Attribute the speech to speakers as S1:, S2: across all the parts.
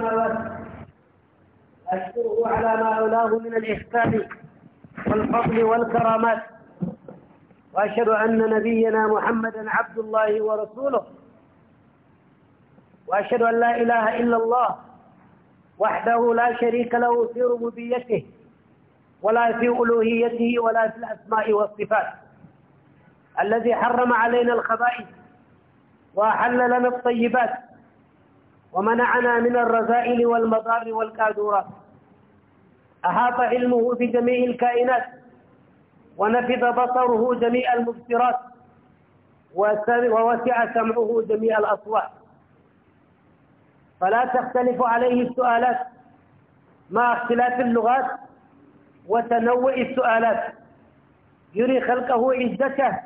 S1: السماوات أشكره على ما أولاه من الإحسان والفضل والكرامات وأشهد أن نبينا محمدا عبد الله ورسوله وأشهد أن لا إله إلا الله وحده لا شريك له في ربوبيته ولا في ألوهيته ولا في الأسماء والصفات الذي حرم علينا الخبائث وأحل لنا الطيبات ومنعنا من الرذائل والمضار والكادورات أحاط علمه بجميع الكائنات ونفذ بصره جميع المبصرات ووسع سمعه جميع الأصوات فلا تختلف عليه السؤالات مع اختلاف اللغات وتنوع السؤالات يري خلقه عزته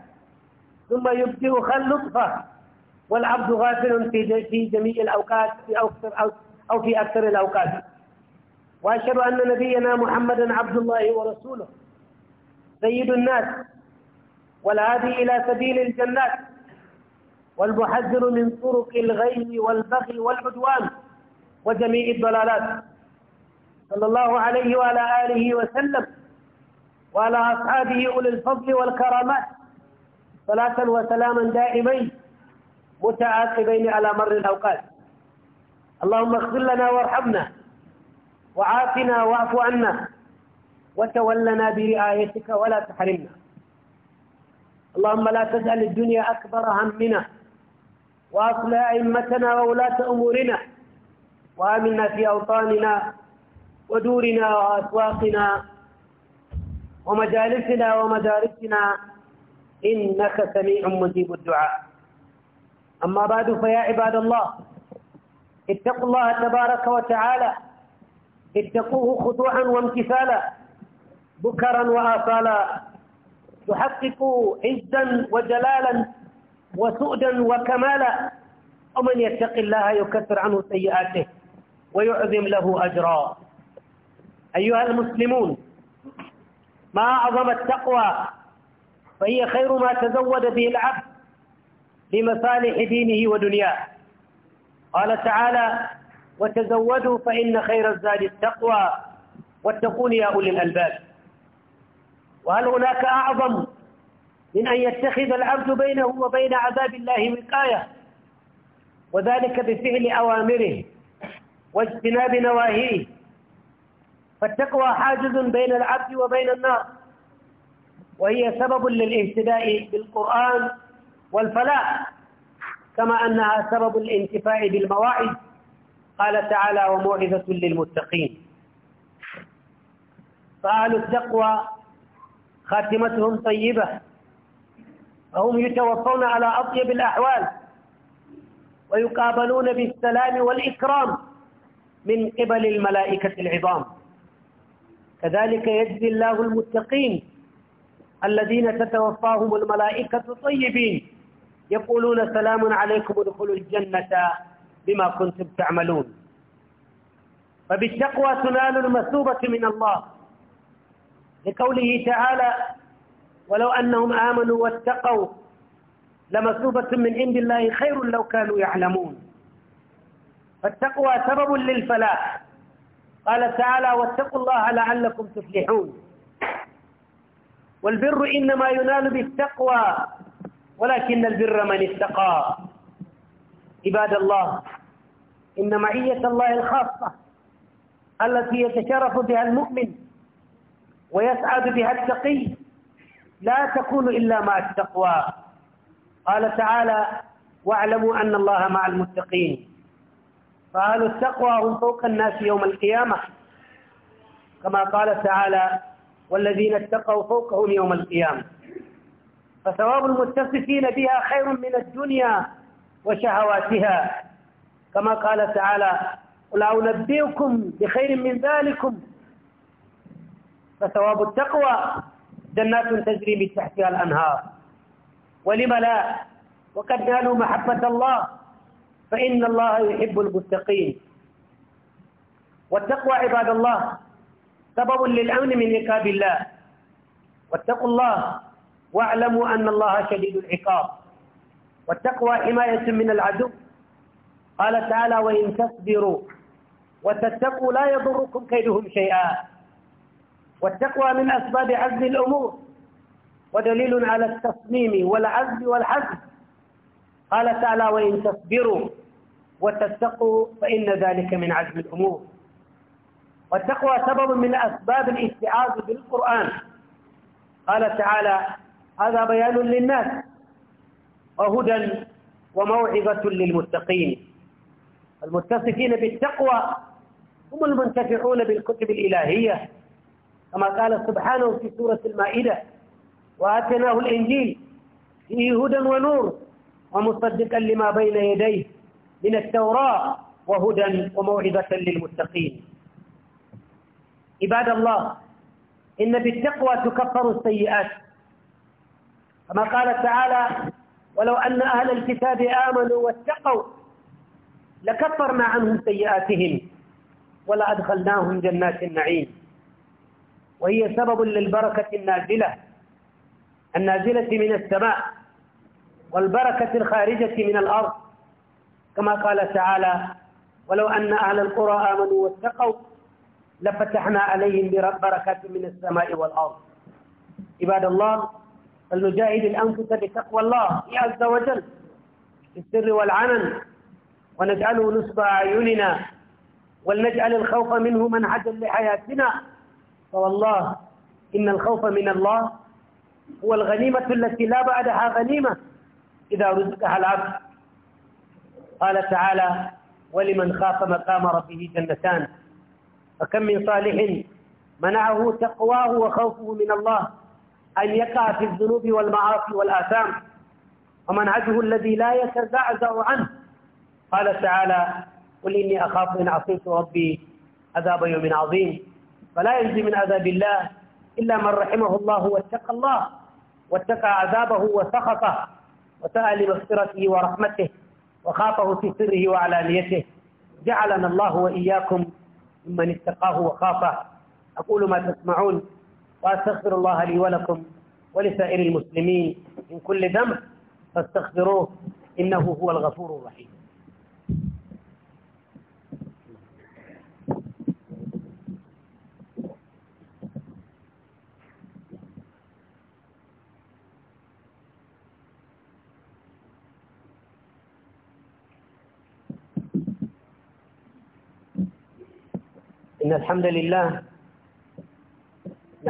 S1: ثم يبدئ خلقه والعبد غافل في في جميع الأوقات في أكثر أو في أكثر الأوقات وأشهد أن نبينا محمدا عبد الله ورسوله سيد الناس والهادي إلى سبيل الجنات والمحذر من طرق الغي والبغي والعدوان وجميع الضلالات صلى الله عليه وعلى آله وسلم وعلى أصحابه أولي الفضل والكرامات صلاة وسلاما دائمين متعاقبين على مر الأوقات اللهم اغفر لنا وارحمنا وعافنا واعف عنا وتولنا برعايتك ولا تحرمنا اللهم لا تجعل الدنيا أكبر همنا وأصل أئمتنا وولاة أمورنا وآمنا في أوطاننا ودورنا وأسواقنا ومجالسنا ومدارسنا إنك سميع مجيب الدعاء أما بعد فيا عباد الله اتقوا الله تبارك وتعالى اتقوه خضوعا وامتثالا بكرا وآصالا تحقق عزا وجلالا وسؤدا وكمالا ومن يتق الله يكثر عنه سيئاته ويعظم له أجرا أيها المسلمون ما أعظم التقوى فهي خير ما تزود به العبد لمصالح دينه ودنياه قال تعالى وتزودوا فإن خير الزاد التقوى واتقون يا أولي الألباب وهل هناك أعظم من أن يتخذ العبد بينه وبين عذاب الله وقاية وذلك بفعل أوامره واجتناب نواهيه فالتقوى حاجز بين العبد وبين النار وهي سبب للاهتداء بالقرآن والفلاح كما أنها سبب الانتفاع بالمواعظ قال تعالى وموعظة للمتقين فأهل التقوى خاتمتهم طيبة فهم يتوفون على أطيب الأحوال ويقابلون بالسلام والإكرام من قبل الملائكة العظام كذلك يجزي الله المتقين الذين تتوفاهم الملائكة طيبين يقولون سلام عليكم ادخلوا الجنة بما كنتم تعملون فبالتقوى تنال المثوبة من الله لقوله تعالى ولو أنهم آمنوا واتقوا لمثوبة من عند الله خير لو كانوا يعلمون فالتقوى سبب للفلاح قال تعالى واتقوا الله لعلكم تفلحون والبر إنما ينال بالتقوى ولكن البر من اتقى عباد الله إن معية الله الخاصة التي يتشرف بها المؤمن ويسعد بها التقي لا تكون إلا مع التقوى قال تعالى واعلموا أن الله مع المتقين فأهل التقوى هم فوق الناس يوم القيامة كما قال تعالى والذين اتقوا فوقهم يوم القيامة فثواب المتصفين بها خير من الدنيا وشهواتها كما قال تعالى قل أنبئكم بخير من ذلكم فثواب التقوى جنات تجري من تحتها الأنهار ولم لا وقد نالوا محبة الله فإن الله يحب المتقين والتقوى عباد الله سبب للأمن من عقاب الله واتقوا الله واعلموا أن الله شديد العقاب والتقوى حماية من العدو قال تعالى وإن تصبروا وتتقوا لا يضركم كيدهم شيئا والتقوى من أسباب عزل الأمور ودليل على التصميم والعزل والحزم قال تعالى وإن تصبروا وتتقوا فإن ذلك من عزم الأمور والتقوى سبب من أسباب الاستعاذ بالقرآن قال تعالى هذا بيان للناس وهدى وموعظة للمتقين المتصفين بالتقوى هم المنتفعون بالكتب الإلهية كما قال سبحانه في سورة المائدة وآتناه الإنجيل فيه هدى ونور ومصدقا لما بين يديه من التوراة وهدى وموعظة للمتقين عباد الله إن بالتقوى تكفر السيئات كما قال تعالى ولو أن أهل الكتاب آمنوا واتقوا لكفرنا عنهم سيئاتهم ولا أدخلناهم جنات النعيم وهي سبب للبركة النازلة النازلة من السماء والبركة الخارجة من الأرض كما قال تعالى ولو أن أهل القرى آمنوا واتقوا لفتحنا عليهم بركات من السماء والأرض عباد الله فلنجاهد الأنفس بتقوى الله عز وجل في السر والعمل ونجعله نصب أعيننا ولنجعل الخوف منه منهجا لحياتنا فوالله إن الخوف من الله هو الغنيمة التي لا بعدها غنيمة إذا رزقها العبد قال تعالى ولمن خاف مقام ربه جنتان فكم من صالح منعه تقواه وخوفه من الله أن يقع في الذنوب والمعاصي والآثام ومنعته الذي لا يتزعزع عنه قال تعالى قل إني أخاف إن عصيت ربي عذاب يوم عظيم فلا ينجي من عذاب الله إلا من رحمه الله واتقى الله واتقى عذابه وسخطه وسأل مغفرته ورحمته وخافه في سره وعلانيته جعلنا الله وإياكم ممن اتقاه وخافه أقول ما تسمعون وأستغفر الله لي ولكم ولسائر المسلمين من كل ذنب فاستغفروه إنه هو الغفور الرحيم إن الحمد لله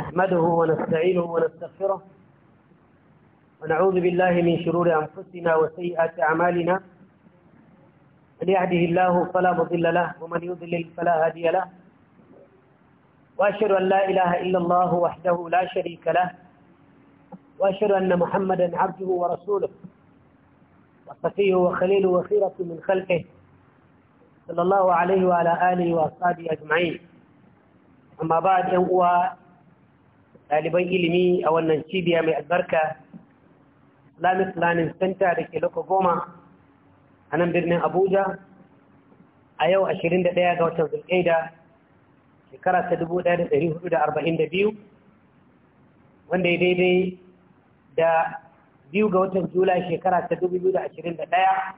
S1: نحمده ونستعينه ونستغفره ونعوذ بالله من شرور أنفسنا وسيئات أعمالنا من يهده الله فلا مضل له ومن يضلل فلا هادي له وأشهد أن لا إله إلا الله وحده لا شريك له وأشهد أن محمدا عبده ورسوله وصفيه وخليله وخيرة من خلقه صلى الله عليه وعلى آله وأصحابه أجمعين أما بعد ɗaliban ilimi a wannan cibiya mai albarka islamic learning center da ke loko goma a nan birnin abuja a yau 21 ga watan zulkaida shekara ta 1442 wanda ya daidai da biyu ga watan jula shekara ta 2021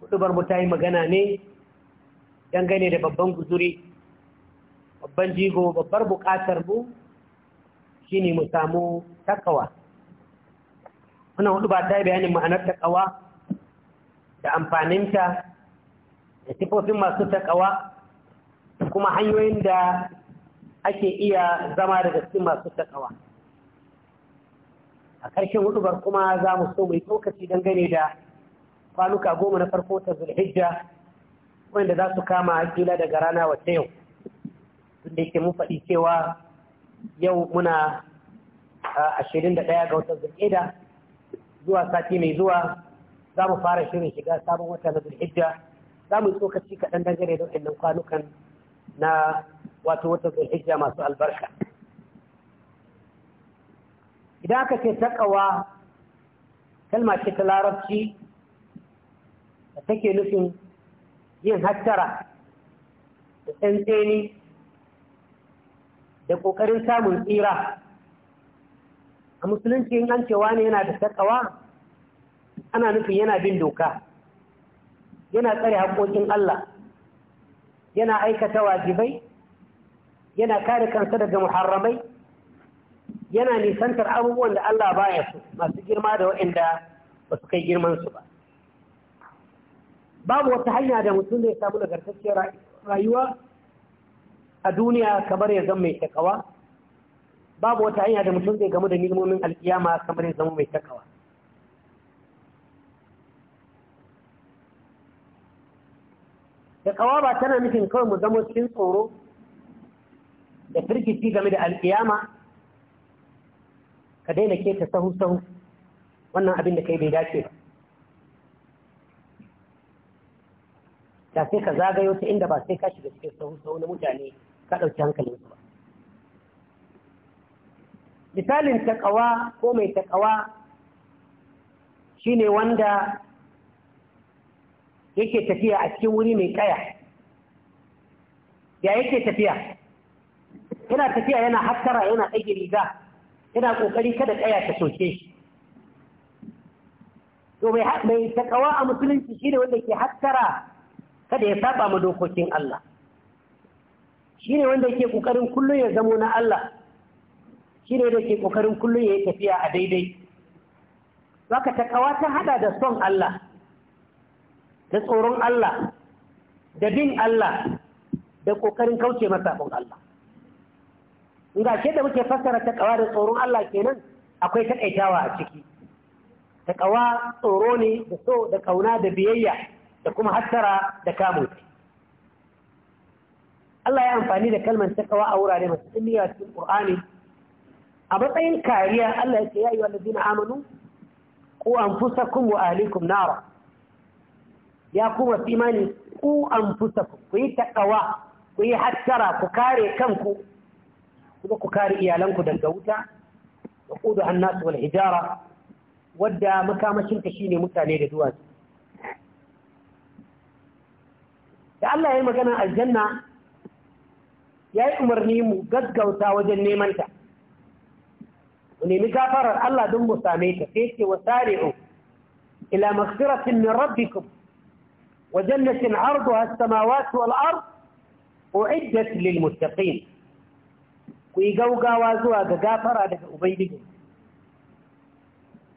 S1: hudubar mu ta yi magana ne dangane da babban guzuri babban jigo babbar bukatar mu shine mu samu takawa muna hudu ba ta yi bayanin ma'anar takawa da amfaninta da sifofin masu takawa kuma hanyoyin da ake iya zama daga cikin masu takawa a ƙarshen bar kuma za mu so mai tsokaci dangane da kwanuka goma na farko ta zulhijja wanda za su kama kila daga rana wata yau tunda yake mun faɗi cewa yau muna ashirin da ɗaya ga watan zulƙida zuwa sati mai zuwa za mu fara shirin shiga sabon wata na zulhijja za mu yi tsokaci kaɗan dangane da waɗannan kwanukan na wato wata zulhijja masu albarka idan aka ce takawa kalma ce ta larabci da take nufin yin hattara da tsantseni da ƙoƙarin samun tsira a musulunci in an cewa ne yana da takawa ana nufin yana bin doka yana tsare haƙoƙin Allah yana aikata wajibai yana kare kansa daga muharramai yana nisantar abubuwan da Allah baya su masu girma da waɗanda ba su kai girmansu ba babu wata hanya da mutum zai samu nagartacciyar rayuwa a duniya kamar ya zama mai takawa babu wata hanya da mutum zai gamu da nilmomin alkiyama kamar ya zama mai takawa takawa ba tana nufin kawai mu zama cikin tsoro da firgici game da alkiyama ka daina keta sahu-sahu wannan abin da kai bai dace ba da sai ka zagayo ta inda ba sai ka shiga cikin sahu-sahu na mutane ka ɗauki hankalin ba misalin taƙawa ko mai taƙawa shine wanda yake tafiya a cikin wuri mai ƙaya. ya yake tafiya yana tafiya yana haskara yana ɗage riga yana ƙoƙari kada ƙaya ta soke shi to mai taƙawa a musulunci shine wanda ke haskara kada ya saba ma dokokin Allah shine wanda yake kokarin kullum ya zamo na Allah shine da ke kokarin kullum ya yi tafiya a daidai zaka takawa ta hada da son Allah da tsoron Allah da bin Allah da kokarin kauce masa bin Allah ga ke da muke fassara takawa da tsoron Allah kenan akwai takaitawa a ciki takawa tsoro ne da so da kauna da biyayya da kuma hatsara, da kamun Allah ya amfani da kalmar takawa a wurare masu tsimmiya cikin Qur'ani a matsayin kariya Allah ya ce ya wa ladina amanu ku anfusakum wa ahlikum nara ya kuma imani ku anfusakum ku yi takawa ku yi hattara ku kare kanku kuma ku kare iyalanku daga wuta da kudu nasu wal hijara wadda makamashinta shine mutane da duwatsu da Allah ya yi magana aljanna ya yi umarni mu gaggauta wajen neman ta Ku nemi gafarar Allah don mu same ta sai ce wa sari'u ila maghfiratin min rabbikum wa jannatin 'arduha as-samawati wal ard u'iddat lil muttaqin ku yi gaugawa zuwa ga gafara daga ubangiji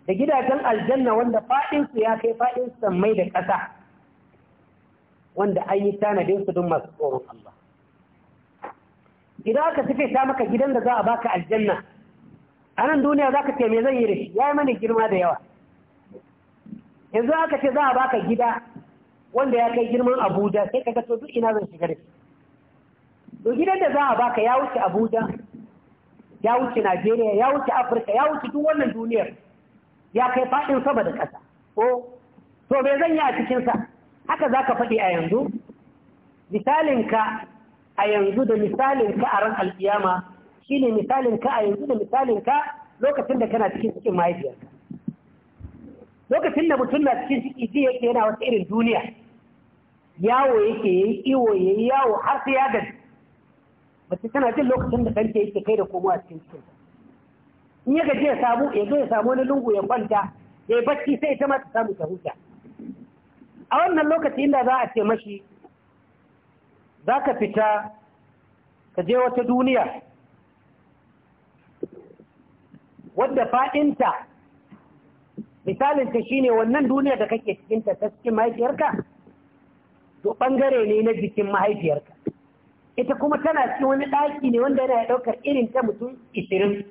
S1: da gidajen aljanna wanda faɗinsu ya kai faɗin mai da ƙasa wanda an yi tanadinsu don masu tsoron Allah idan aka sife ta maka gidan da za a baka aljanna a nan duniya za ka ce me zan yi da ya yi mani girma da yawa yanzu aka ce za a baka gida wanda ya kai girman abuja sai ka gato duk ina zan shiga da shi to gidan da za a baka ya wuce abuja ya wuce najeriya ya wuce afirka ya wuce duk wannan duniyar ya kai faɗin sama da ƙasa ko to me zan yi a cikinsa haka za ka faɗi a yanzu misalinka a yanzu da misalin ka a ran shi shine misalin ka a yanzu da misalin ka lokacin da kana cikin cikin mahaifiyarka lokacin da mutum na cikin ciki ji yake yana wata irin duniya yawo yake yi iwo yi yawo har sai ya gaji mace tana jin lokacin da kanta yake kai da komowa cikin cikin in ya gaji ya samu ya zo ya samu wani lungu ya kwanta ya yi bacci sai ita ma ta samu ta huta a wannan lokaci inda za a ce mashi za ka fita ka je wata duniya wadda fa'inta misalinta shine wannan duniya da kake cikinta ta cikin mahaifiyarka to ɓangare ne na jikin mahaifiyarka ita kuma tana cikin wani ɗaki ne wanda yana ɗaukar irin ta mutum isirin.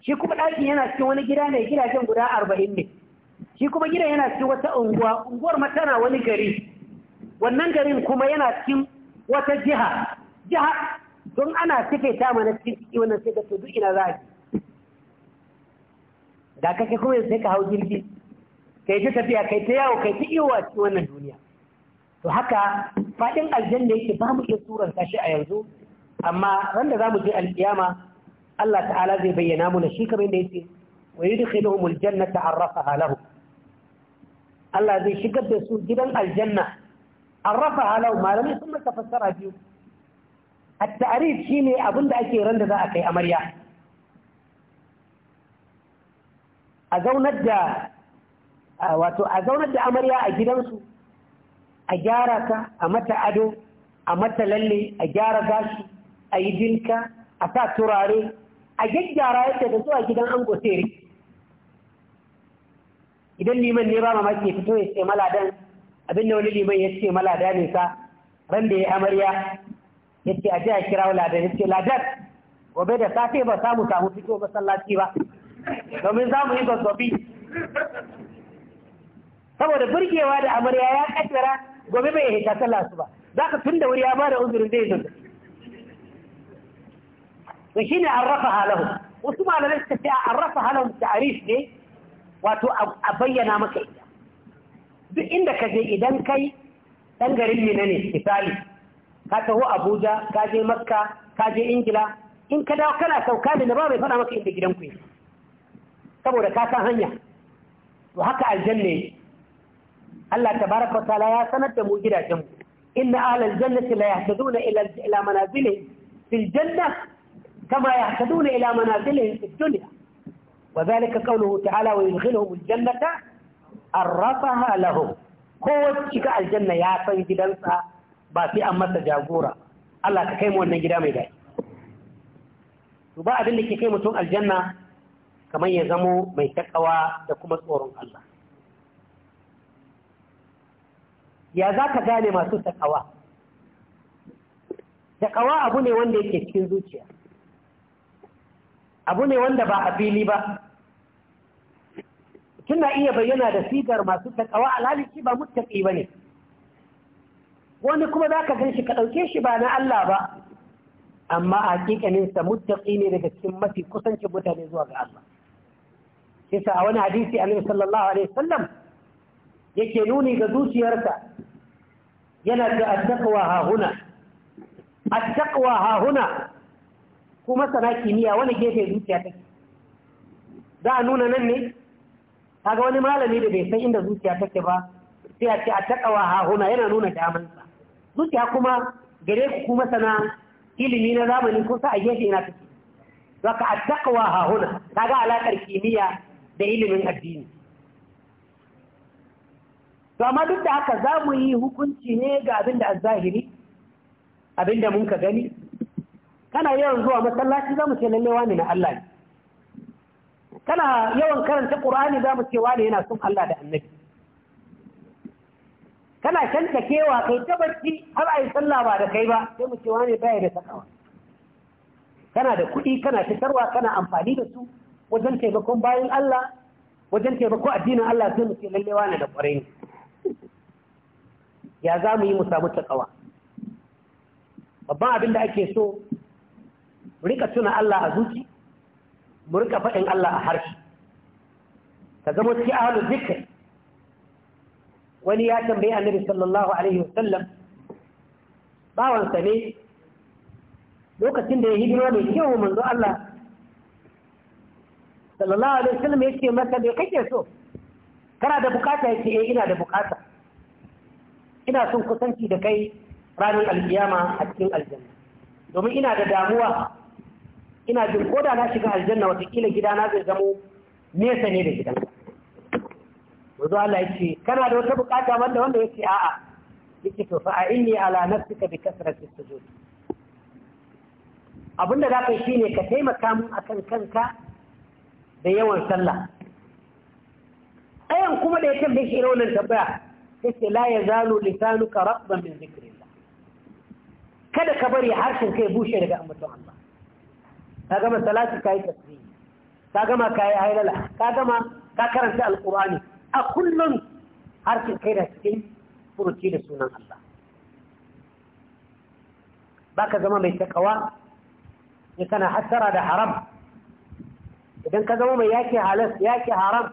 S1: shi kuma ɗakin yana cikin wani gida ne gidajen guda arba'in ne shi kuma gidan yana cikin wata unguwa unguwar ma tana wani gari wannan garin kuma yana cikin wata jiha jiha don ana suke ta mana ciki wannan sai ka to duk ina za a da kake kuma yanzu sai ka hau jirgi kai ta tafiya kai ta yawo kai ta iyo a cikin wannan duniya to haka faɗin aljanna yake ba mu iya suran shi a yanzu amma randa za mu je alƙiyama Allah ta'ala zai bayyana mu na shi kamar yadda yake wa yudkhiluhum aljannata arrafaha lahum Allah zai shigar da su gidan aljanna arrafa halau malamai sun masa fassara biyu at-ta'rif shine abin da ake randa za a kai amarya a zaunar da wato a zaunar da amarya a gidansu a gyara ta a mata ado a mata lalle a gyara gashi a yi jinka a sa turare a gyaggyara yadda da zuwa gidan ango sai idan liman ne ba mamaki fito ya ce dan Abin da wani liman ya ce malada ne sa ran da ya amarya ya ce a a kira ladan ya ce ladan gobe da safe ba samu samu fito masallaci ba domin za mu yi zazzabi saboda burgewa da amarya ya kaddara gobe bai hita sallah su ba za ka tun da wuri ya bada uzurin zai zazzabi to shi ne an rafa halahu wasu malamai suka ce an rafa halahu ta'arif ne wato a bayyana maka ita duk inda ka je idan kai ɗan garin mina ne misali ka taho abuja ka je makka ka je ingila in ka dawo kana sauka ne na ba mai faɗa maka inda gidan ku saboda ka san hanya to haka aljanna Allah tabaraka ta'ala ya sanar da mu gidajen mu inna ahlal jannati la yahtaduna ila ila manazilihim fil janna kama yahtaduna ila manazilihim fid dunya وذلك قوله تعالى ويدخلهم الجنة arrafaha lahum kowace cika aljanna ya san gidansa ba sai an masa jagora Allah ka kai mu wannan gida mai daɗi to ba abin da ke kai mutum aljanna kamar ya zamo mai takawa da kuma tsoron Allah ya za ka gane masu takawa takawa abu ne wanda yake cikin zuciya abu ne wanda ba a fili ba suna iya bayyana da sigar masu takawa alhali shi ba muttaqi bane wani kuma zaka gan shi ka ɗauke shi ba na Allah ba amma a hakikanin sa muttaqi ne daga cikin mafi kusancin mutane zuwa ga Allah kisa a wani hadisi annabi sallallahu alaihi wasallam yake nuni ga zuciyarsa yana da attaqwa ha huna attaqwa ha huna kuma sana kimiyya wani gefe zuciya take za a nuna nan ne kaga wani malami da bai san inda zuciya take ba sai a ce a takawa huna yana nuna damansa zuciya kuma gare ku kuma sana ilimi na zamani ko sa a gefe ina take zaka a takawa huna kaga alaƙar kimiyya da ilimin addini to amma duk da haka za mu yi hukunci ne ga abin da azzahiri abin da mun ka gani kana yawan zuwa masallaci za mu ce lallewa ne na Allah ne kana yawan karanta Qur'ani mu ce wane yana son Allah da Annabi kana kanta kewa kai ta barci har yi sallah ba da kai ba sai mu ce ba ya da sakawa kana da kuɗi kana fitarwa kana amfani da su wajen taimakon bayan Allah wajen taimakon addinin Allah sai mu ce lalle wane da ƙwarai ya za mu yi mu samu takawa babban abin da ake so rika tuna Allah a zuci mu rika faɗin Allah a harshe ka zama cikin ahlul zikr wani ya tambayi annabi sallallahu alaihi wasallam bawansa ne lokacin da ya hidima mai kyau manzo Allah sallallahu alaihi wasallam ya ce masa me kake so kana da bukata yace eh ina da bukata ina son kusanci da kai ranar alkiyama a cikin aljanna domin ina da damuwa ina jin ko da na shiga aljanna watakila gidana zai zamo nesa ne da gidan wanzu Allah yake kana da wata bukata wanda wanda yake a'a yake to fa inni ala nafsika bi kasrati sujud abinda za ka yi shine ka taimaka mun akan kanka da yawan sallah ayan kuma da yake da shi irin tabbaya tambaya yace la yazalu lisanuka rabban min zikrillah kada ka bari harshen kai bushe daga ammatu Allah ka gama salati ka yi tasbihi ka gama ka yi ka gama ka karanta alqur'ani a kullum harkin kai da cikin furuci da sunan Allah baka zama mai takawa ne kana hasara da haram idan ka zama mai yake halas yake haram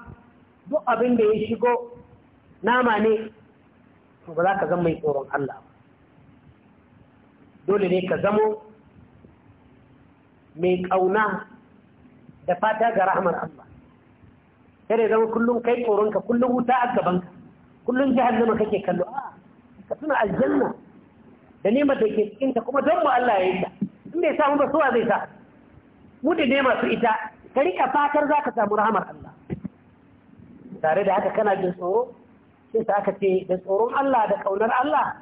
S1: duk abin da ya shigo nama ne to ba za ka zama mai tsoron Allah dole ne ka zamo mai ƙauna da fata ga rahmar Allah sai da zama kullum kai tsoronka kullum wuta a gabanka kullum nama kake kallo a ka tuna aljanna da nemar da ke cikinta kuma don mu Allah ya yi ta in bai samu ba suwa zai sa mu da ne masu ita ka rika fatar za ka samu rahamar Allah tare da haka kana jin tsoro sai sa aka ce da tsoron Allah da ƙaunar Allah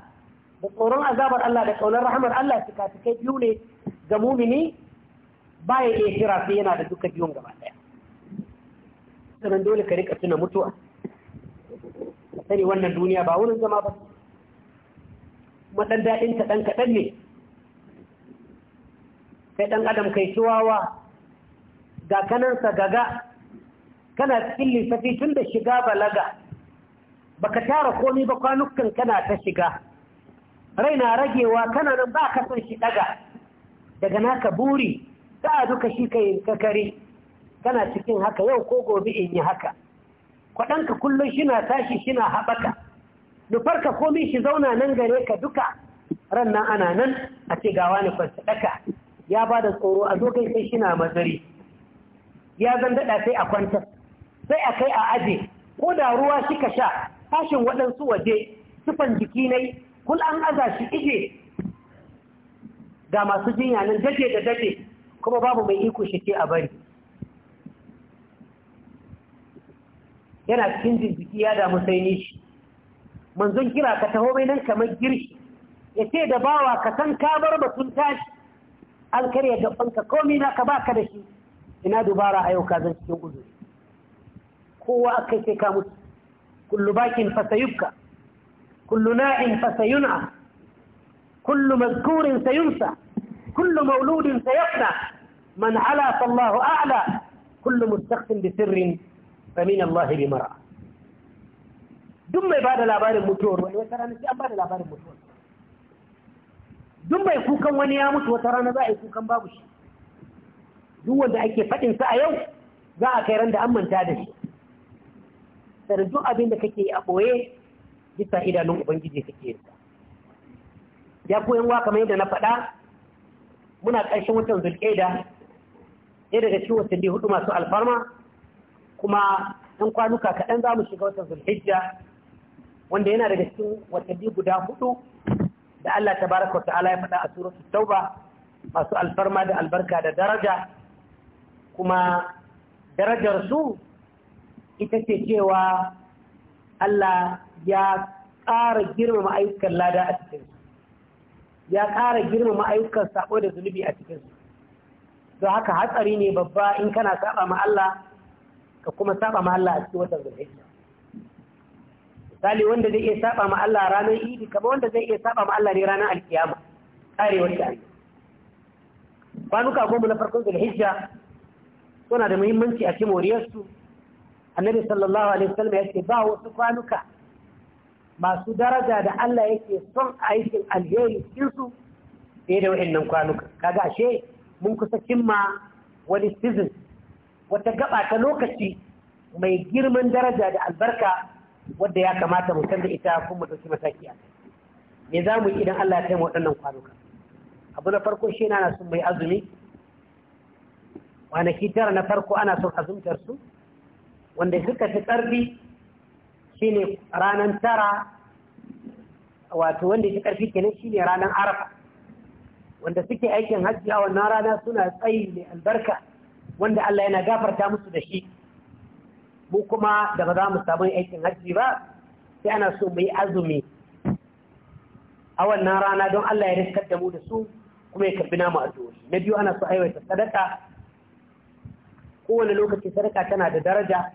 S1: da tsoron azabar Allah da kaunar rahamar Allah suka suka biyu ne ga mumini ba ya iya kira sai yana da duka biyun gaba ɗaya sannan dole ka rika tuna mutuwa sani wannan duniya ba wurin zama ba kuma ɗan daɗin ta ɗan kaɗan ne kai ɗan adam kai tuwawa ga kanansa gaga kana cikin lissafi tun da shiga balaga Ba ka tara komi ba kwanukan kana ta shiga raina ragewa kana nan ba ka son shi ɗaga daga naka buri a duka shi ka yi kakari kana cikin haka yau ko gobe in yi haka kwaɗanka kullum shina tashi shina haɓaka nufar ka komi shi zauna nan gare ka duka ran nan ana nan a ce gawa ne ɗaka ya ba da tsoro a zo kai sai shina mazari ya zan daɗa sai a kwanta sai a kai a aje ko da ruwa shi ka sha tashin waɗansu waje sufan jiki yi. kul an aza shi ije ga masu jinya nan daje da daje kuma babu mai iko shi ce a bari yana cikin jirgin ya damu sai nishi manzon kira ka taho mai nan kamar girki ya ce da bawa ka san ka bar batun tashi an karya gabanka komi na ka baka da shi ina dubara a yau ka zan cikin uzuri kowa aka ce ka mutu kullu bakin fasayubka kullu na'in fasayuna kullu mazkurin sayunsa كل مولود سيفنى من علا فالله أعلى كل مستخف بسر فمن الله بمرأة دم بعد الأبار المتور وترى نسي أبار الأبار المتور دم يكوكا ونيامت وترى نبا يكوكا بابش دون ذا أكي فتن سأيو ذا أكي رند من تادش ترجو أبين كي أبوي جتا إلى نوع بنجي في سكيرتا يا أبوي kama hindi na muna ƙarshen watan zulƙaida ɗaya daga cikin watanni hudu masu alfarma kuma ɗan kwanuka kaɗan za mu shiga watan zulhijja wanda yana daga cikin watanni guda hudu da Allah ta baraka wa ta'ala ya faɗa a suratul tauba masu alfarma da albarka da daraja kuma darajar su ita ce cewa Allah ya ƙara girmama ayyukan lada a cikin ya ƙara girmama ayyukan sako da zunubi a cikin su. don haka hatsari ne babba in kana saba ma Allah ka kuma saba ma Allah a cikin watan zulhijja misali wanda zai iya saba ma Allah ranar idi kamar wanda zai iya saba ma Allah ne ranar alkiyama karewar da kwanuka goma na farkon zulhijja suna da muhimmanci a cikin moriyarsu annabi sallallahu alaihi wasallam ya ce ba wasu kwanuka masu daraja da Allah yake son aikin alheri cikinsu ɗaya da wa'annan kwanuka kaga ashe mun kusa cimma wani season wata gaba ta lokaci mai girman daraja da albarka wadda ya kamata mu da ita kuma mu dauki mataki a me za mu yi idan Allah ya taimaka waɗannan kwanuka abu na farko shi na son mai azumi kwanaki tara na farko ana son azumtar su wanda suka fi ƙarfi shine ranar tara wato wanda ya karfi kenan shine ranar arafa wanda suke aikin hajji a wannan rana suna tsayi mai albarka wanda Allah yana gafarta musu da shi mu kuma da ba za mu samu aikin hajji ba sai ana so mu yi azumi a wannan rana don Allah ya riskar da mu da su kuma ya karbi namu addu'o'i na biyu ana so aiwata sadaka kowane lokaci sadaka tana da daraja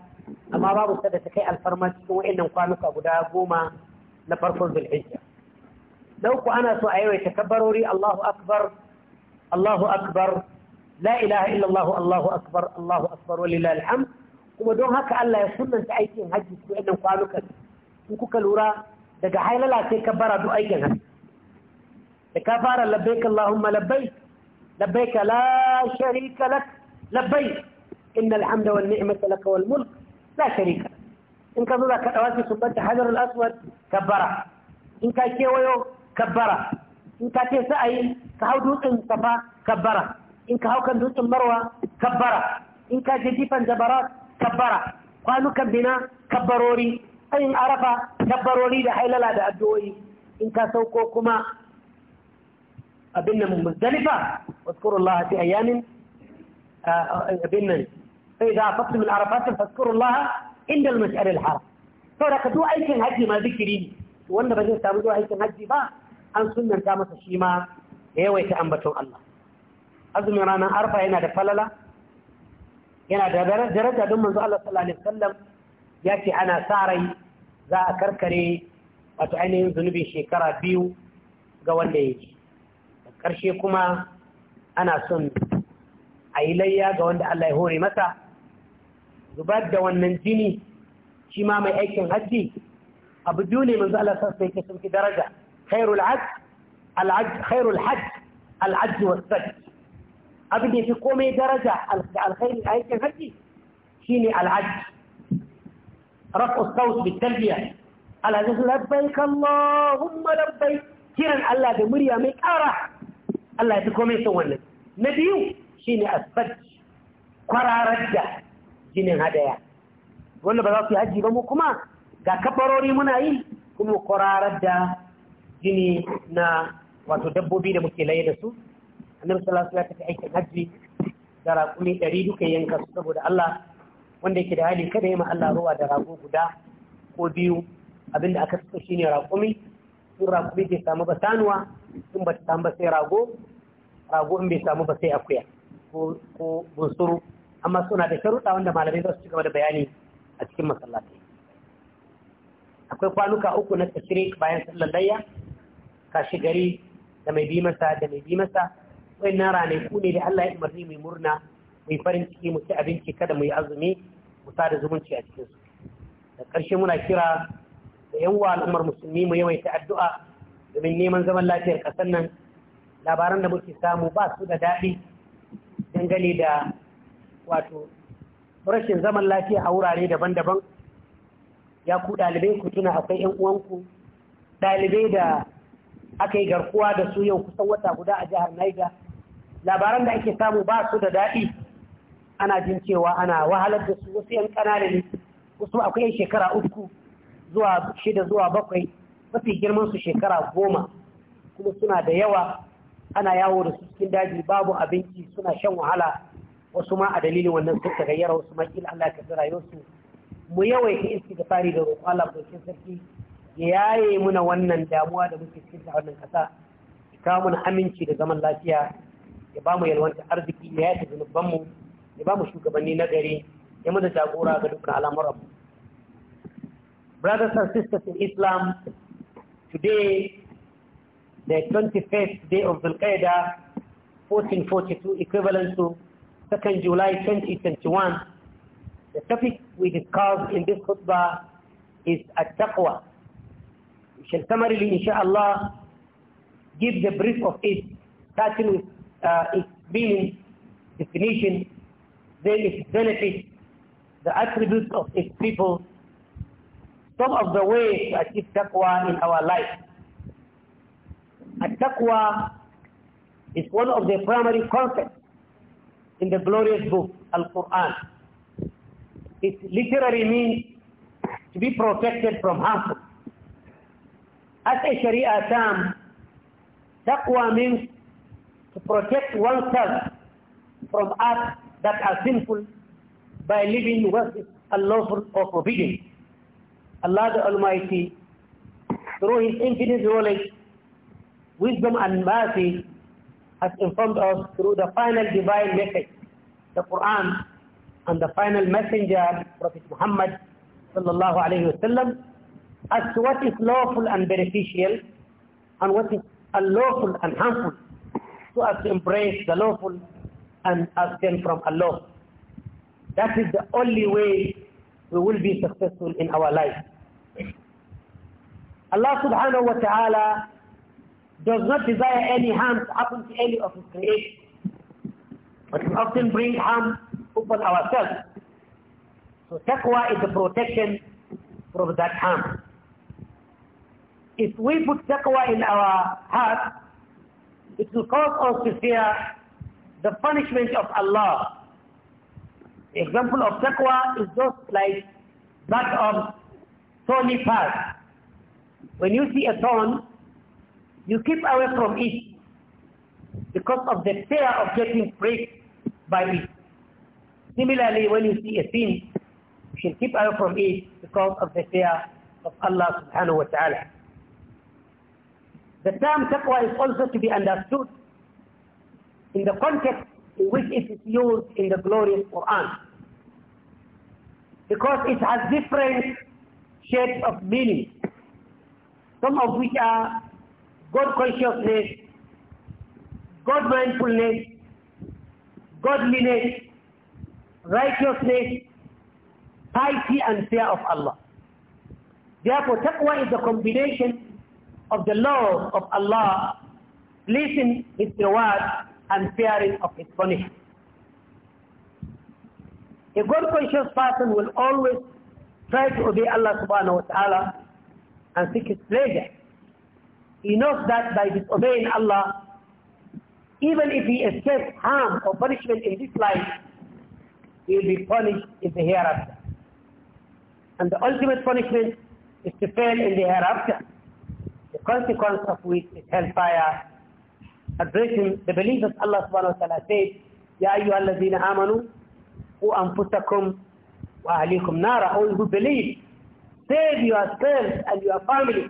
S1: amma babu sada ta kai alfarma cikin wa'annan kwanuka guda goma na farkon zulhijja na uku ana so a yawaita kabbarori Allahu akbar Allahu akbar la ilaha illallah Allahu akbar Allahu akbar walillahi alhamd kuma don haka Allah ya sunnanta aikin hajji cikin wa'annan kwanukan in kuka lura daga hailala sai kabbara duk aikin hajji da ka fara labbaik Allahumma labbaik labbaik la sharika lak labbaik innal hamda wan ni'mata lak wal mulk لا شريك in ka zo za ka ɗawa su banta hajarul aswad kabbara in ka kewayo kabbara in ka ce sa'ayi ka hau dutsen safa kabbara in ka hau kan dutsen marwa kabbara in ka je jifan jabarat kabbara kwanukan bina kabbarori ayin arafa kabbarori da hailala da addu'o'i in ka sauko kuma abin nan muzdalifa wasu kurullaha fi ayyamin abin nan فإذا أفضتم من عرفات فاذكروا الله عند المشعر Sau saboda ka duk aikin hajji ma zikiri ne wanda ba zai samu zuwa aikin hajji ba an sunanta masa shi ma da yawaita ambaton Allah azumin ranar arfa yana da falala yana da daraja don manzo Allah sallallahu alaihi ya ce ana sa rai za a karkare wato ainihin zunubin shekara biyu ga wanda ya ji ƙarshe kuma ana son a yi layya ga wanda Allah ya hore masa zubar da wannan jini shi ma mai aikin hajji abu biyu ne manzo Allah sarfa yake sun fi daraja khairul hajj al-hajj khairul hajj al-hajj was-sajj abin da yafi komai daraja al alkhairi aikin hajji shine al-hajj رفع الصوت بالتلبية على ذلك لبيك اللهم لبيك كيرا الله بمريا من أرى الله يتكومي سوانا نبيو shine أثبت قرار رجع jinin hadaya wanda ba za su yi aji ba mu kuma ga kabarori muna yi kuma kwararar da jini na wato dabbobi da muke laye da su annabi sallallahu alaihi wasallam aikin hajji da raƙumi ɗari duka yanka su saboda Allah wanda yake da hali kada yi ma Allah ruwa da rago guda ko biyu abinda aka suka shine raƙumi in raƙumi bai samu ba sanuwa in ba ta samu ba sai rago rago in bai samu ba sai akuya ko bunsuru amma suna da sharuɗa wanda malamai za su ci gaba da bayani a cikin masallaci akwai kwanuka uku na tashrik bayan sallar layya kashi gari da mai bi masa da mai bi masa wayannan ranaku ne da Allah ya umarni mu murna mu farin ciki mu ci abinci kada mu yi azumi mu sada zumunci a cikin da ƙarshe muna kira da yan wa al'ummar musulmi mu yawaita addu'a domin neman zaman lafiyar ƙasar nan labaran da muke samu ba su da daɗi dangane da wato rashin zaman lafiya a wurare daban-daban ya ku ɗalibai ku tuna akwai 'yan uwanku ɗalibai da aka yi garkuwa da su yau kusan wata guda a jihar Niger labaran da ake samu ba su da daɗi ana jin cewa ana wahalar da su wasu 'yan ƙanana ne wasu akwai ƴan shekara uku zuwa shida zuwa bakwai mafi girman su shekara goma kuma suna da yawa ana yawo da su cikin daji babu abinci suna shan wahala wasu ma a dalilin wannan sun gayyara wasu ma kila Allah ka tsira yau mu yawai yawaita iski da roƙo Allah dokin sarki ya yaye muna wannan damuwa da muke cikin ta wannan kasa ya kawo mana aminci da zaman lafiya ya ba mu yalwanta arziki ya yata zunuban mu ya ba mu shugabanni na gari ya mu da jagora ga dukkan al'amuran mu brothers and sisters in Islam today the 25th day of dhul 1442 equivalent to 2nd July 2021. The topic we discussed in this khutbah is at-taqwa. We shall summarily, inshallah, give the brief of it, starting with uh, its meaning, definition, then its benefits, the attributes of its people, some of the ways to achieve taqwa in our life. At-taqwa is one of the primary concepts in the glorious book, Al-Quran. It literally means to be protected from harm. As a Sharia term, taqwa means to protect oneself from acts that are sinful by living what is unlawful or forbidden. Allah the Almighty, through His infinite knowledge, wisdom and mercy, has informed us through the final divine message, the Quran, and the final messenger, Prophet Muhammad sallallahu alayhi wasallam, as to what is lawful and beneficial, and what is unlawful and harmful, so as to embrace the lawful and abstain from Allah. That is the only way we will be successful in our life. Allah subhanahu wa ta'ala does not desire any harm to happen to any of his creation. But we often bring harm upon ourselves. So taqwa is the protection from that harm. If we put taqwa in our heart, it will cause us to fear the punishment of Allah. The example of taqwa is just like that of thorny path. When you see a thorn, you keep away from it because of the fear of getting pricked by it. Similarly, when you see a sin, you should keep away from it because of the fear of Allah subhanahu wa ta'ala. The term taqwa is also to be understood in the context in which it is used in the glorious Quran. Because it has different shades of meaning, some of which are God consciousness, God mindfulness, godliness, righteousness, piety and fear of Allah. Therefore, taqwa is the combination of the love of Allah, pleasing His reward and fearing of His punishment. A God-conscious person will always try to obey Allah subhanahu wa ta'ala and seek His pleasure. He knows that by disobeying Allah, even if he escapes harm or punishment in this life, he will be punished in the hereafter. And the ultimate punishment is to fail in the hereafter, the consequence of which is hellfire. Addressing the believers, Allah subhanahu wa ta'ala says, يَا amanu, الَّذِينَ آمَنُوا wa وَأَهْلِكُمْ nara." All who believe, save yourselves and your families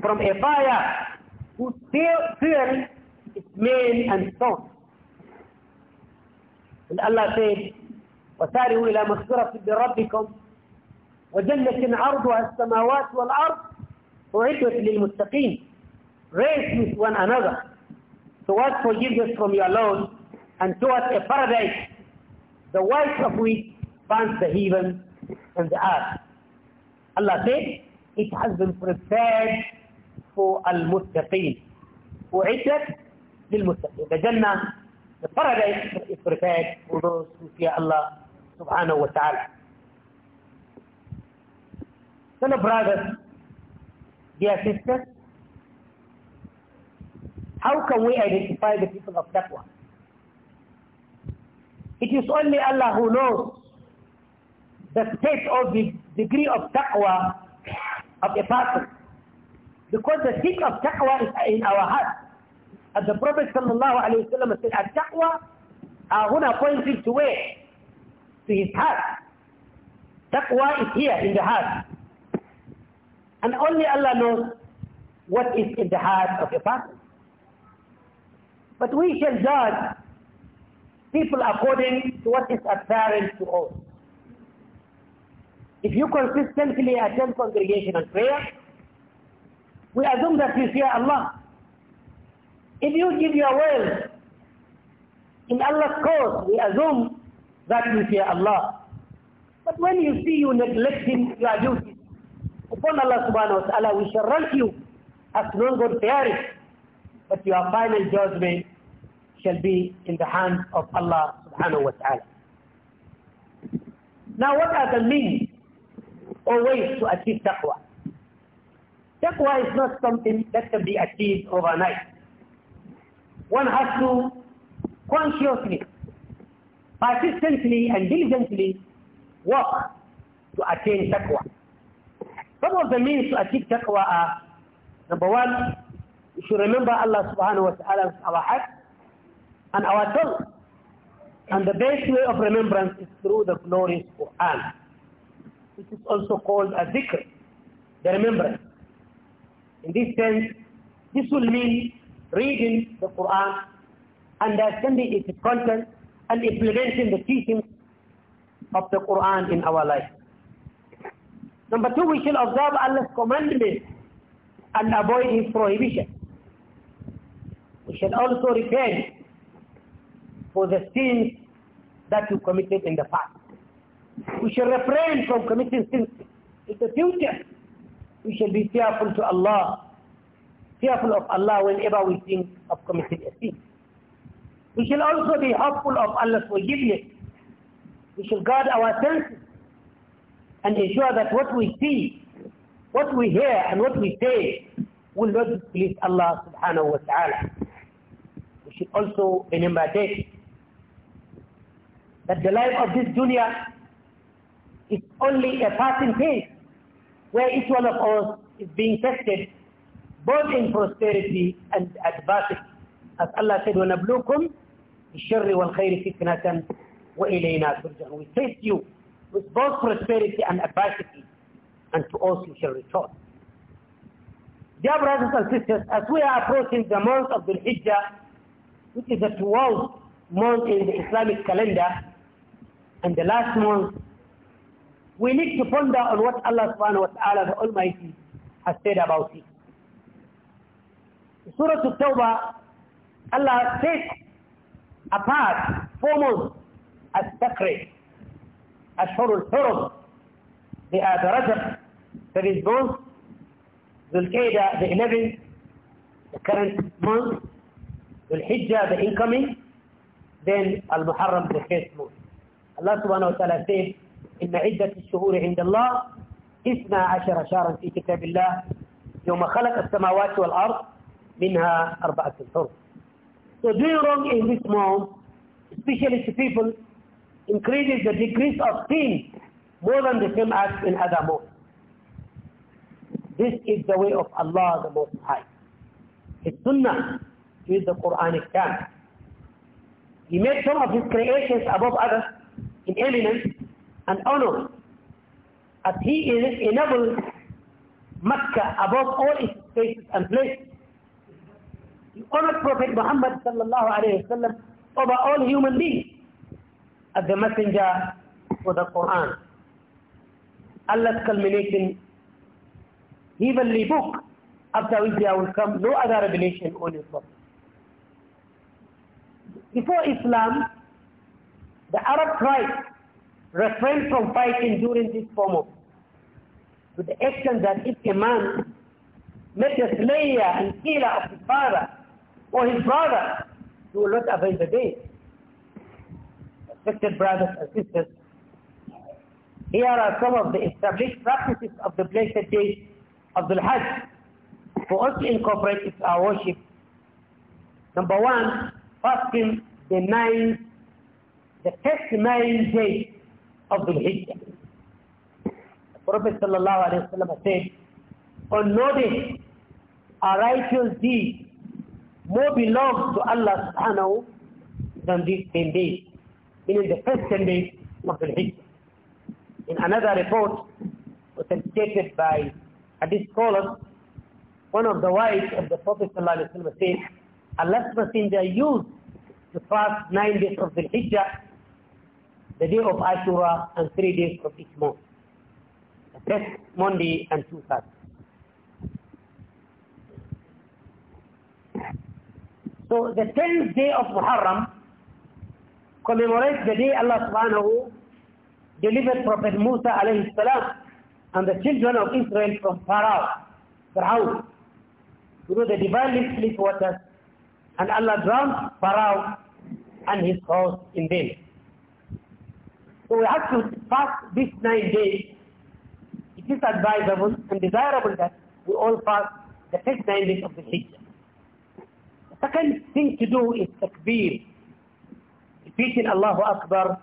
S1: from a fire who still fearing its men and sons. And Allah said, وَسَارِهُ إِلَى مَخْفِرَةٍ بِرَبِّكُمْ وَجَنَّةٍ عَرْضُهَا السَّمَاوَاتُ وَالْأَرْضُ أُعِدُّتْ لِلْمُتَّقِينَ Race with one another towards forgiveness from your Lord and towards a paradise, the white of which spans the heaven and the earth. Allah said, it has been prepared المتقين وعدت للمتقين الجنة فرد إفرفات ودوس في الله سبحانه وتعالى سنة brothers, dear sisters, how can we identify the people of taqwa? It is only Allah who knows the state or the degree of taqwa of a person. Because the seat of taqwa is in our heart. As the Prophet sallallahu alayhi wa sallam said, At-taqwa, ahuna pointed to where? To his heart. Taqwa is here in the heart. And only Allah knows what is in the heart of a person. But we shall judge people according to what is apparent to us. If you consistently attend congregation and prayer, we assume that you fear Allah. If you give your wealth in Allah's cause, we assume that you fear Allah. But when you see you neglecting your duties upon Allah subhanahu wa ta'ala, we shall rank you as no good fearing. But your final judgment shall be in the hands of Allah subhanahu wa ta'ala. Now what are the means or ways to achieve taqwa? Taqwa is not something that can be achieved overnight. One has to consciously, persistently and diligently work to attain taqwa. Some of the means to achieve taqwa are, number one, you should remember Allah subhanahu wa ta'ala our heart and our tongue. And the best way of remembrance is through the glorious Quran, which is also called a dhikr, the remembrance. In this sense, this will mean reading the Quran, understanding its content, and implementing the teachings of the Quran in our life. Number two, we shall observe Allah's commandments and avoid His prohibition. We shall also repent for the sins that you committed in the past. We shall refrain from committing sins in the future we shall be fearful to Allah, fearful of Allah whenever we think of committing a sin. We shall also be hopeful of Allah's forgiveness. We shall guard our senses and ensure that what we see, what we hear and what we say will not displease Allah subhanahu wa ta'ala. We should also remember this, that the life of this dunya is only a passing phase where each one of us is being tested both in prosperity and adversity. As Allah said, وَنَبْلُوكُمْ بِالشَّرِّ وَالْخَيْرِ فِتْنَةً وَإِلَيْنَا تُرْجَعُونَ We test you with both prosperity and adversity, and to us you shall return. Dear brothers and sisters, as we are approaching the month of the Hijjah, which is the 12th month in the Islamic calendar, and the last month we need to ponder on what Allah subhanahu wa ta'ala the Almighty has said about it. In Surah of tawbah Allah takes apart foremost as sacred, as Hurul Hurum. the are the Rajab, that is both Dhul-Qaeda, the 11th, the current month, Dhul-Hijjah, the incoming, then Al-Muharram, the first month. Allah subhanahu wa ta'ala says. إن عدة الشهور عند الله اثنا عشر شهرا في كتاب الله يوم خلق السماوات والأرض منها أربعة أشهر. So during in this month, especially to people, increases the degrees of sin more than the same as in other months. This is the way of Allah the Most High. His Sunnah is the Quranic Karim. He made some of his creations above others in eminence and honor as he enabled Mecca above all its spaces and places. He honored Prophet Muhammad sallallahu alayhi wa sallam over all human beings as the messenger for the Quran. Allah's culmination, heavenly book after which there will come no other revelation on his book. Before Islam, the Arab tribes refrain from fighting during this form of to the extent that if a man met a slayer and killer of his father or his brother, he will not avail the day. Respected brothers and sisters, here are some of the established practices of the blessed day of the Hajj for us to incorporate into our worship. Number one, fasting the nine, the first nine days of the Hijjah. The Prophet ﷺ said, On no day a righteous deed more belongs to Allah subhanahu than these 10 days, meaning the first 10 days of the Hijjah. In another report, authenticated by a scholars, one of the wives of the Prophet ﷺ said, Allah's messenger used the first nine days of the Hijjah the day of Ashura and three days of each month. The first Monday and two Saturdays. So the tenth day of Muharram commemorates the day Allah subhanahu delivered Prophet Musa alayhi salam and the children of Israel from Pharaoh, Pharaoh, through the divinely split waters, and Allah drowned Pharaoh and his house in them. So we have to fast these nine days. It is advisable and desirable that we all fast the first nine days of the Hijjah. The second thing to do is takbir. Repeating Allahu Akbar,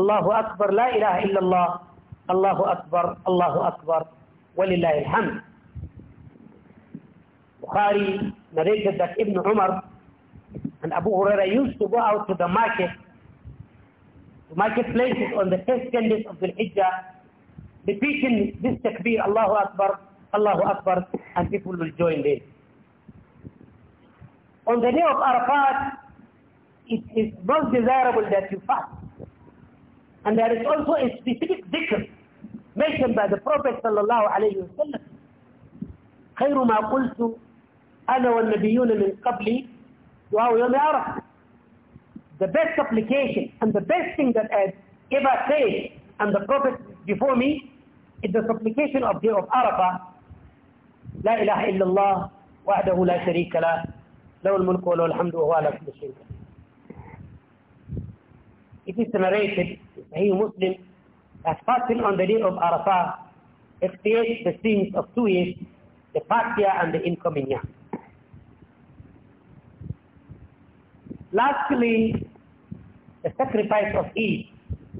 S1: Allahu Akbar, La ilaha illallah, Allahu Akbar, Allahu Akbar, walillahi alhamd. Bukhari narrated that Ibn Umar and Abu Huraira used to go out to the market marketplaces on the first 10 days of the Hijjah, repeating this takbir, Allahu Akbar, Allahu Akbar, and people will join this. On the day of Arafat, it is most desirable that you fast. And there is also a specific dhikr mentioned by the Prophet sallallahu alayhi wa sallam. خير ما قلت أنا والنبيون من قبلي دعاء يوم عرفة. The best application. And the best thing that I ever said, and the Prophet before me, is the supplication of Day of Arafah, لا إله إلا الله وحده لا شريك له له الملك وله الحمد وهو على كل شيء It is narrated, Sahih Muslim, that fasting on the day of Arafah expiates the sins of two years, the past year and the incoming year. Lastly, the sacrifice of Eid,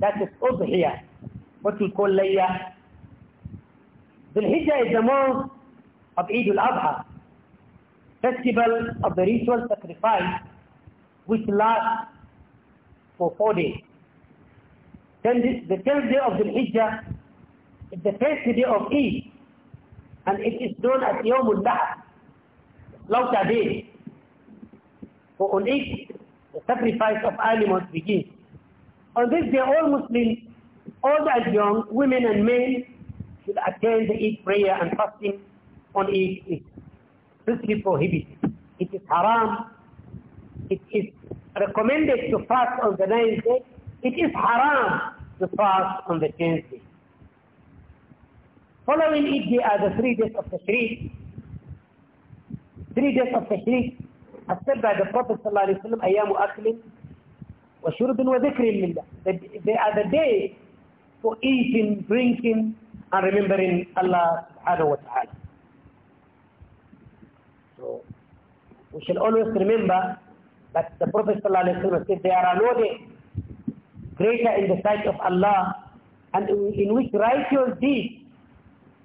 S1: that is Udhiyah, what we call Layya. The Hijjah is the month of Eid al-Adha, festival of the ritual sacrifice which lasts for four days. Then the, the day of the Hijjah is the first day of Eid and it is known as Yawmul Nahr, slaughter day. For on the sacrifice of animals begins. On this day, all Muslims, old and young, women and men, should attend the Eid prayer and fasting on Eid It is strictly prohibited. It is haram. It is recommended to fast on the ninth day. It is haram to fast on the tenth day. Following Eid day are the three days of the Three days of the Tashriq as said by the Prophet sallallahu "Ayamu aklin wa shurbin wa They are the uh, days for eating, drinking, and remembering Allah subhanahu wa ta'ala. So, we shall always remember that the Prophet ﷺ said there are no day greater in the sight of Allah and in which righteous deeds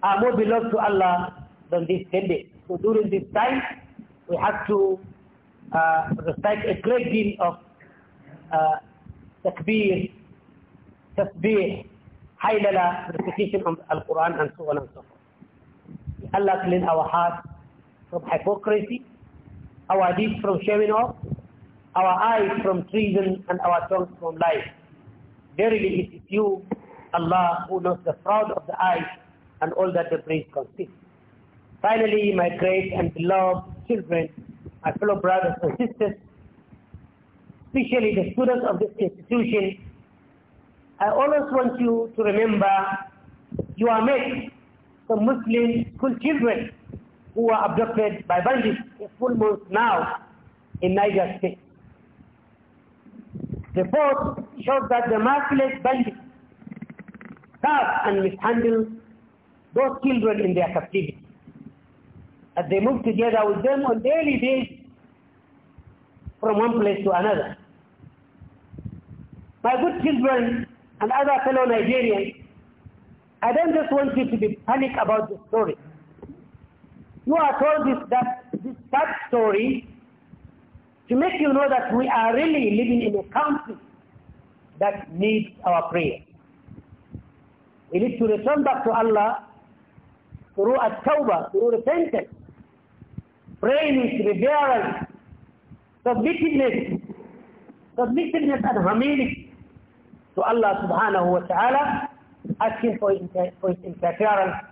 S1: are more beloved to Allah than these 10 days. So during this time, we have to uh, recite a great deal of uh, takbir, tasbih, haylala, recitation of Al-Quran and so on and so forth. Allah clean our hearts from hypocrisy, our deeds from shaming off, our eyes from treason and our tongues from lies. Verily it is you, Allah, who knows the fraud of the eyes and all that the brain consists. Finally, my great and beloved children, my fellow brothers and sisters, especially the students of this institution, I always want you to remember you are made some Muslim school children who were abducted by bandits in full moon now in Niger State. report showed that the merciless bandits starved and mishandled those children in their captivity as they move together with them on daily basis from one place to another. My good children and other fellow Nigerians, I don't just want you to be panic about the story. You are told this, that, this sad story to make you know that we are really living in a country that needs our prayer. We need to return back to Allah through a tawbah, through repentance. Praise, reverence, submissiveness, submissiveness and humility to Allah subhanahu wa ta'ala, asking for his, for his interference,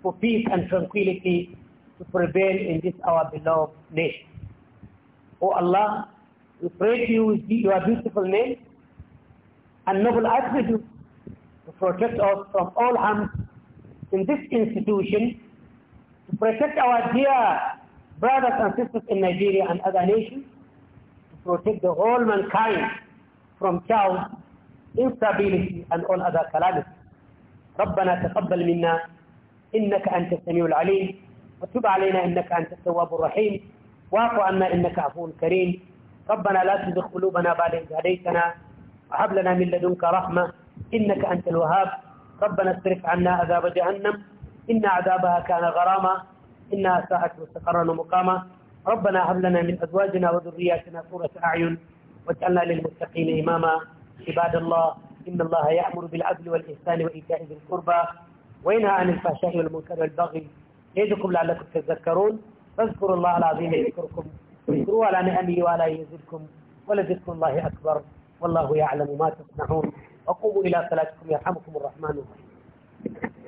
S1: for peace and tranquility to prevail in this our beloved nation. O Allah, we pray to you with your beautiful name and noble attributes to protect us from all harm in this institution, to protect our dear brothers and sisters in Nigeria and other nations to protect the whole mankind from chaos, instability and all other calamities. ربنا تقبل منا إنك أنت السميع العليم وتب علينا إنك أنت التواب الرحيم واعف عنا إنك عفو كريم ربنا لا تزغ قلوبنا بعد إذ هديتنا وهب لنا من لدنك رحمة إنك أنت الوهاب ربنا اصرف عنا عذاب جهنم إن عذابها كان غراما إنها ساءت مستقرا ومقاما ربنا هب لنا من أزواجنا وذرياتنا قرة أعين واجعلنا للمتقين إماما عباد الله إن الله يأمر بالعدل والإحسان وإيتاء ذي القربى وينهى عن الفحشاء والمنكر والبغي يعظكم لعلكم تذكرون فاذكروا الله العظيم يذكركم واذكروا على نعمه وعلى يزدكم ولذكر الله أكبر والله يعلم ما تصنعون وقوموا إلى صلاتكم يرحمكم الرحمن الرحيم